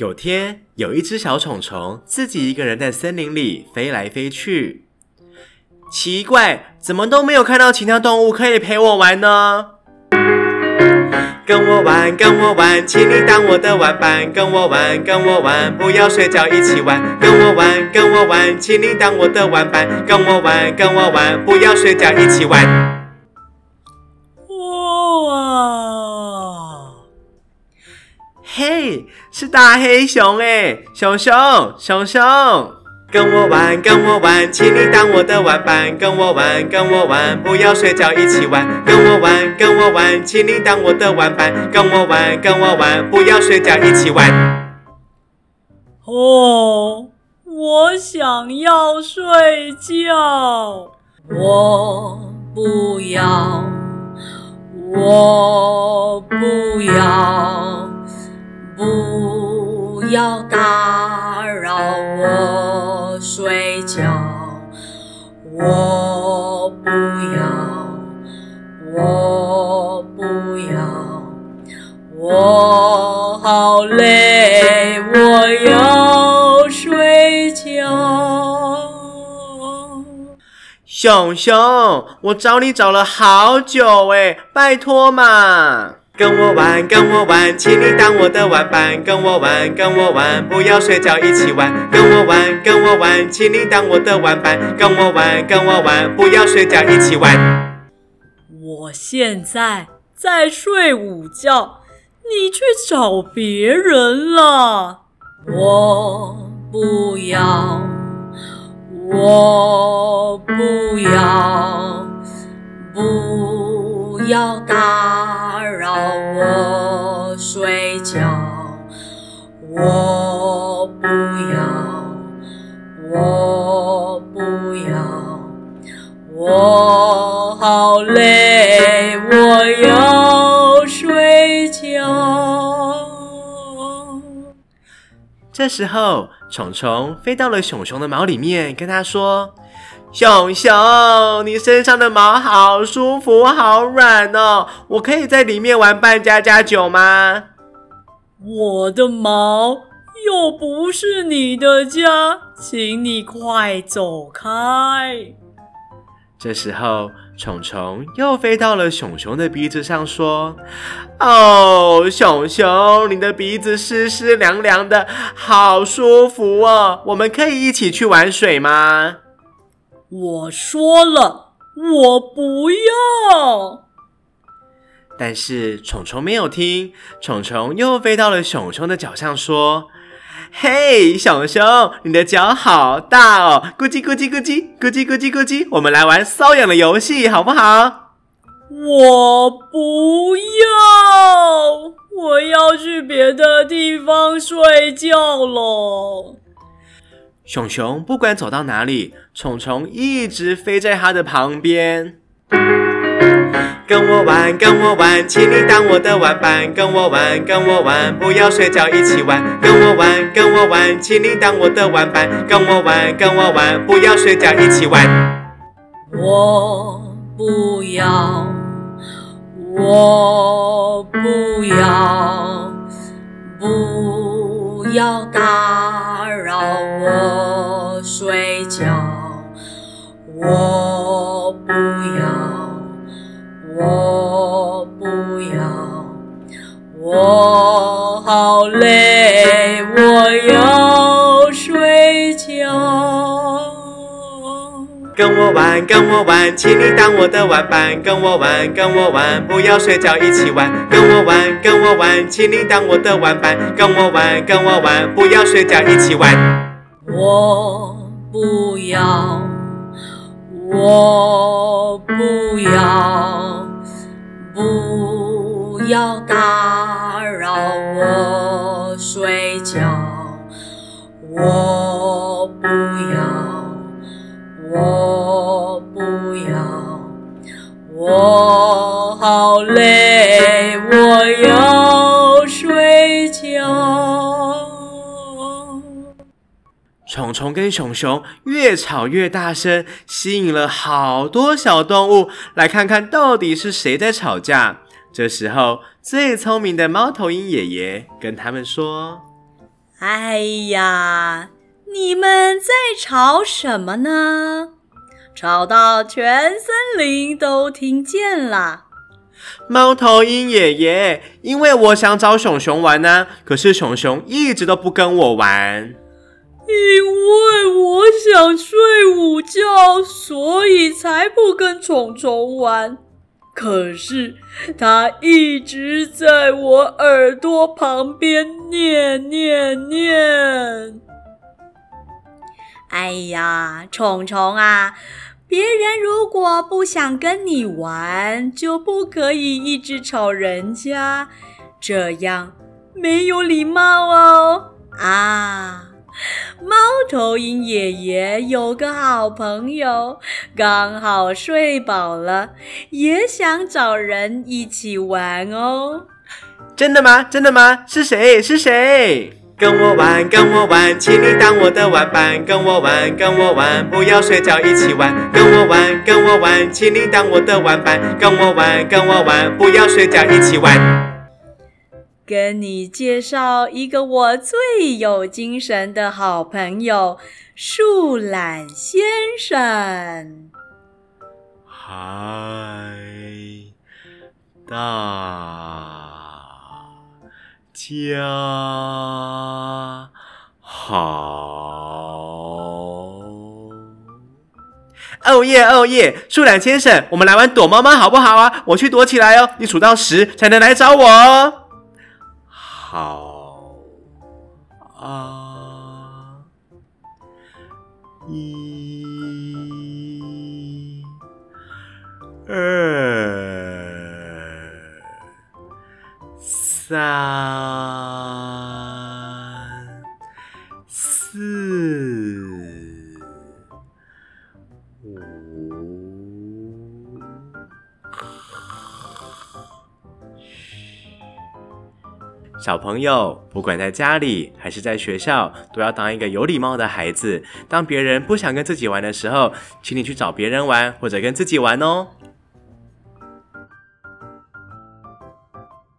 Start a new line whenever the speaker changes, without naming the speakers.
有天，有一隻小蟲蟲自己一個人在森林裡飛來飛去，奇怪，怎麼都沒有看到其他動物可以陪我玩呢？跟我玩，跟我玩，請你當我的玩伴。跟我玩，跟我玩，不要睡覺，一起玩。跟我玩，跟我玩，請你當我的玩伴。跟我玩，跟我玩，不要睡覺，一起玩。是大黑熊誒，熊熊熊熊，跟我玩，跟我玩，請你當我的玩伴。跟我玩，跟我玩，不要睡覺，一起玩。跟我玩，跟我玩，請你當我的玩伴。跟我玩，跟我玩，不要睡覺，一起玩。
哦，我想要睡覺，我不要，我不要。不要打擾我睡覺，我不要，
我不要，我好累，我要
睡覺。
熊熊，我找你找了好久誒、哎、拜托嘛！跟我玩，跟我玩，請你當我的玩伴。跟我玩，跟我玩，不要睡覺，一起玩。跟我玩，跟我玩，請你當我的玩伴。跟我玩，跟我玩，不要睡覺，一起玩。
我現在在睡午覺，你去找別人了。我不要，我不要，不要打。我睡覺，我不要，我不要，我好累，我要睡覺。這
時候，蟲蟲飛到了熊熊的毛裡面，跟他說。熊熊，你身上的毛好舒服，好軟哦！我可以在裡面
玩扮家家酒嗎？我的毛又不是你的家，請你快走開！
這時候，蟲蟲又飛到了熊熊的鼻子上，說：“哦，熊熊，你的鼻子濕濕涼涼的，好舒服哦！我們可以一起去玩水嗎？”我
說了，我不要。
但是蟲蟲沒有聽，蟲蟲又飛到了熊熊的腳上，說：“嘿，熊熊，你的腳好大哦，咕嘰咕嘰咕嘰咕嘰咕嘰咕嘰，我們來玩瘙癢的遊戲，好不好？”
我不要，我要去別的地方睡覺嘍。
熊熊不管走到哪裡，蟲蟲一直飛在它的旁邊。跟我玩，跟我玩，請你當我的玩伴。跟我玩，跟我玩，不要睡覺，一起玩。跟我玩，跟我玩，玩。跟我玩，跟我玩，請你當我的玩伴。跟我玩，跟我玩，不要睡覺，一起玩。
我不要，我不要，不要打。要我睡覺？我不要，我不要，我好累，我要。跟我
玩，跟我玩，請你當我的玩伴。跟我玩，跟我玩，不要睡覺，一起玩。跟我玩，跟我玩，請你當我的玩伴。跟我玩，跟我玩，不要睡覺，一起玩。
我不要，我不要，不要打。我好累，我要睡覺。
蟲蟲跟熊熊越吵越大聲，吸引了好多小動物來看看到底是誰在吵架。這時候，最聰明的貓頭鷹爺爺跟他們說：“
哎呀，你們在吵什麼呢？”吵到全森林都聽見了。
貓頭鷹爺爺，因為我想找熊熊玩呢、啊，可是熊熊一直都不跟我玩。
因為我想睡午覺，所以才不跟蟲蟲玩。可是它一直在我耳朵旁邊念念念。哎呀，蟲蟲啊，別人如果不想跟你玩，就不可以一直吵人家，這樣沒有禮貌哦。啊，貓頭鷹爺爺有個好朋友，剛好睡飽了，也想找人一起玩哦。
真的嗎？真的嗎？是誰？是誰？跟我玩，跟我玩，請你當我的玩伴。跟我玩，跟我玩，不要睡覺，一起玩。跟我玩，跟我玩，請你當我的玩伴。跟我玩，跟我玩，不要睡覺，一起
玩。跟你介紹一個我最有精神的好朋友——樹懶先生。
嗨，大。家好，哦耶哦耶，樹懶先生，我們來玩躲貓貓好不好啊？我去躲起來哦，你數到十才能來找我哦。好啊，一，二。小朋友，不管在家裡還是在學校，都要當一個有禮貌的孩子。當別人不想跟自己玩的時候，請你去找別人
玩，或者跟自己玩哦。